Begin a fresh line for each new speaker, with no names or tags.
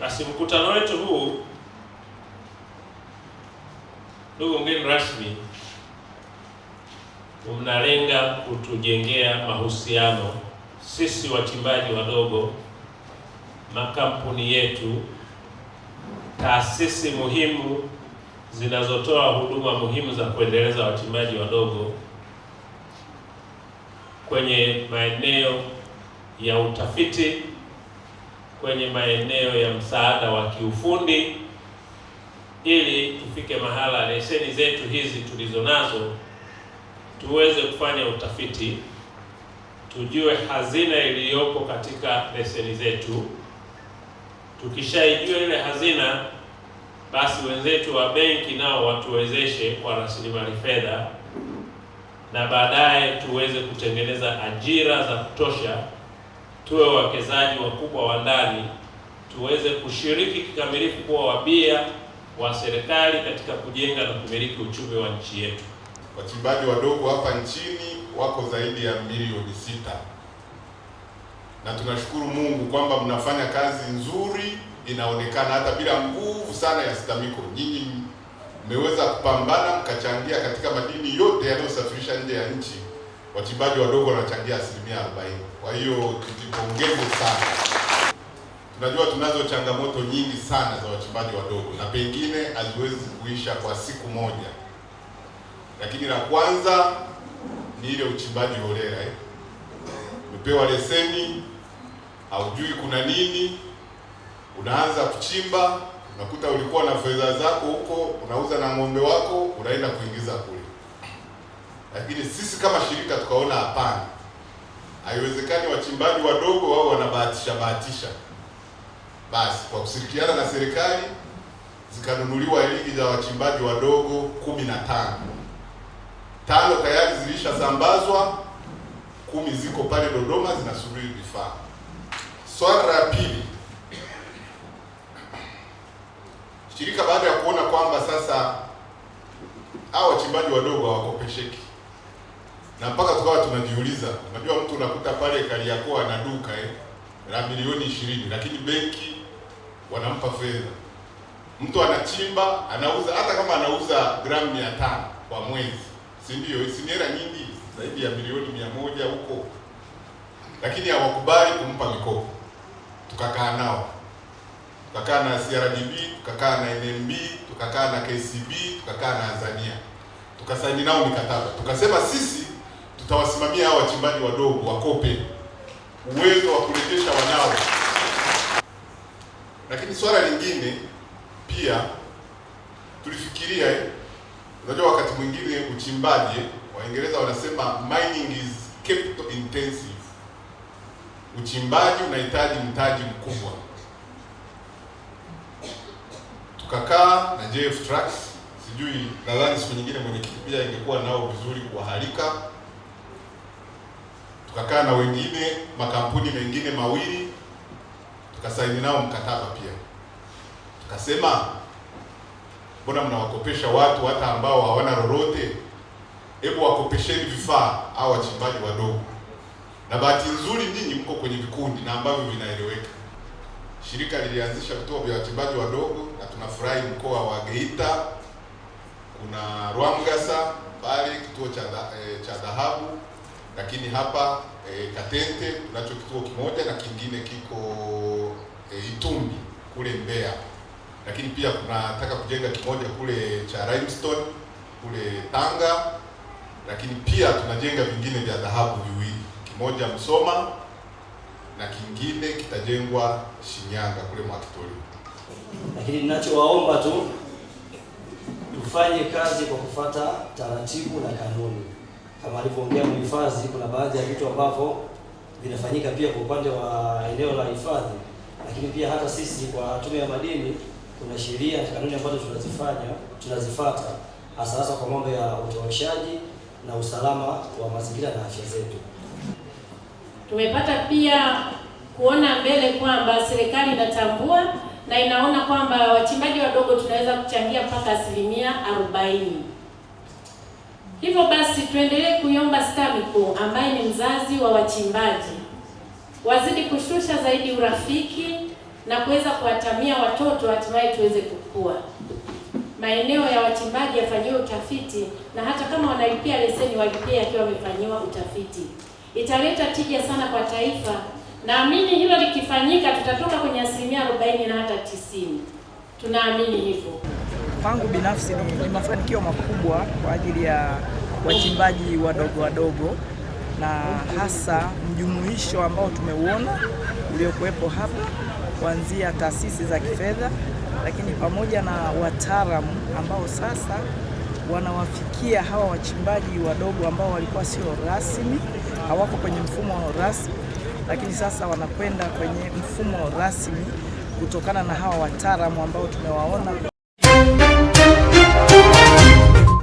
Basi mkutano wetu huu, ndugu mgeni rasmi, unalenga kutujengea mahusiano sisi wachimbaji wadogo, makampuni yetu, taasisi muhimu zinazotoa huduma muhimu za kuendeleza wachimbaji wadogo kwenye maeneo ya utafiti kwenye maeneo ya msaada wa kiufundi ili tufike mahala leseni zetu hizi tulizo nazo tuweze kufanya utafiti, tujue hazina iliyopo katika leseni zetu. Tukishaijua ile hazina, basi wenzetu wa benki nao watuwezeshe kwa rasilimali fedha, na baadaye tuweze kutengeneza ajira za kutosha tuwe wawekezaji wakubwa wa ndani, tuweze kushiriki kikamilifu kuwa wabia wa serikali katika kujenga na kumiliki uchumi wa nchi yetu.
Wachimbaji wadogo hapa nchini wako zaidi ya milioni sita na tunashukuru Mungu kwamba mnafanya kazi nzuri, inaonekana hata bila nguvu sana ya STAMICO. Nyinyi mmeweza kupambana mkachangia katika madini yote yanayosafirisha nje ya nchi wachimbaji wadogo wanachangia asilimia arobaini. Kwa hiyo tukipongeze sana. Tunajua tunazo changamoto nyingi sana za wachimbaji wadogo na pengine haziwezi kuisha kwa siku moja, lakini la kwanza ni ile uchimbaji holela eh. Umepewa leseni, haujui kuna nini, unaanza kuchimba, unakuta ulikuwa na fedha zako huko, unauza na ng'ombe wako, unaenda kuingiza kule lakini sisi kama shirika tukaona hapana, haiwezekani wachimbaji wadogo wao wanabahatisha bahatisha. Basi kwa kushirikiana na serikali zikanunuliwa ligi za wachimbaji wadogo kumi na tano, tano tayari zilishasambazwa, kumi ziko pale Dodoma zinasubiri vifaa. Swala la pili, shirika baada ya kuona kwamba sasa hao wachimbaji wadogo hawakopesheki na mpaka tukawa tunajiuliza, unajua mtu unakuta pale Kariakoo ana duka eh, la milioni ishirini, lakini benki wanampa fedha. Mtu anachimba anauza, hata kama anauza gramu mia tano kwa mwezi, si ndio? Si hela nyingi, zaidi ya milioni mia moja huko, lakini hawakubali kumpa mikopo. Tukakaa nao, tukakaa na CRDB, tukakaa na NMB, tukakaa na KCB, tukakaa na Azania, tukasaini nao mikataba, tukasema sisi tutawasimamia hawa wachimbaji wadogo wakope uwezo wa kurejesha wanao. Lakini swala lingine pia tulifikiria, unajua wakati mwingine uchimbaji, Waingereza wanasema mining is capital intensive, uchimbaji unahitaji mtaji mkubwa. Tukakaa na JF Trucks, sijui nadhani siku nyingine mwenyekiti pia ingekuwa nao vizuri kuwahalika tukakaa na wengine makampuni mengine mawili tukasaini nao mkataba pia, tukasema mbona mnawakopesha watu hata ambao hawana lolote? Hebu wakopesheni vifaa au wachimbaji wadogo. Na bahati nzuri nyinyi mko kwenye vikundi na ambavyo vinaeleweka. Shirika lilianzisha vituo vya wachimbaji wadogo, na tunafurahi mkoa wa Geita kuna Rwamgasa pale kituo cha eh, cha dhahabu lakini hapa e, Katente tunacho kituo kimoja na kingine kiko e, Itumbi kule Mbeya, lakini pia tunataka kujenga kimoja kule cha Limestone kule Tanga, lakini pia tunajenga vingine vya dhahabu viwili, kimoja Msoma na kingine kitajengwa Shinyanga kule Mwakitolio.
Lakini ninachowaomba tu tufanye kazi kwa kufuata taratibu na kanuni kama alivyoongea mhifadhi, kuna baadhi ya vitu ambavyo vinafanyika pia kwa upande wa eneo la hifadhi, lakini pia hata sisi kwa Tume ya Madini kuna sheria na kanuni ambazo tunazifanya tunazifuata, hasa hasa kwa mambo ya utoweshaji na usalama wa mazingira na afya zetu.
Tumepata pia kuona mbele kwamba serikali inatambua na inaona kwamba wachimbaji wadogo tunaweza kuchangia mpaka asilimia arobaini. Hivyo basi tuendelee kuiomba STAMICO ambaye ni mzazi wa wachimbaji wazidi kushusha zaidi urafiki na kuweza kuwatamia watoto hatimaye tuweze kukua. Maeneo ya wachimbaji yafanyiwe utafiti, na hata kama wanalipia leseni walipie akiwa wamefanyiwa utafiti. Italeta tija sana kwa taifa. Naamini hilo likifanyika, tutatoka kwenye asilimia arobaini na hata tisini. Tunaamini hivyo
kwangu binafsi ni mafanikio makubwa kwa ajili ya wachimbaji wadogo wadogo na hasa mjumuisho ambao tumeuona uliokuwepo hapa kuanzia taasisi za kifedha, lakini pamoja na wataalamu ambao sasa wanawafikia hawa wachimbaji wadogo ambao walikuwa sio rasmi, hawako kwenye mfumo rasmi, lakini sasa wanakwenda kwenye mfumo rasmi kutokana na hawa wataalamu ambao tumewaona.